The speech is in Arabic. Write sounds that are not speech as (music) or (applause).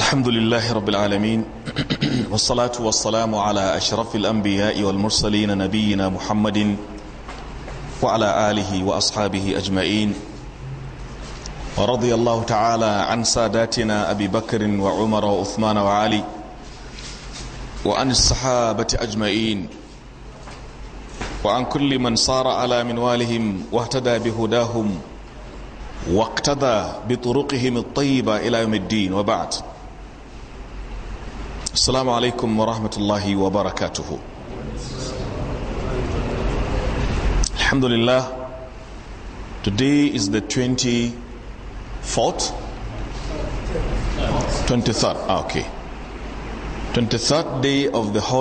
الحمد لله رب العالمين (clears throat) والصلاة والسلام على أشرف الأنبياء والمرسلين نبينا محمد وعلى آله وأصحابه أجمعين ورضي الله تعالى عن ساداتنا أبي بكر وعمر وعثمان وعلي وعن الصحابة أجمعين وعن كل من صار على منوالهم واهتدى بهداهم واقتدى بطرقهم الطيبة إلى يوم الدين وبعد السلام عليكم ورحمة الله وبركاته الحمد لله today is the 24th 23rd ah, okay 23rd day of the holy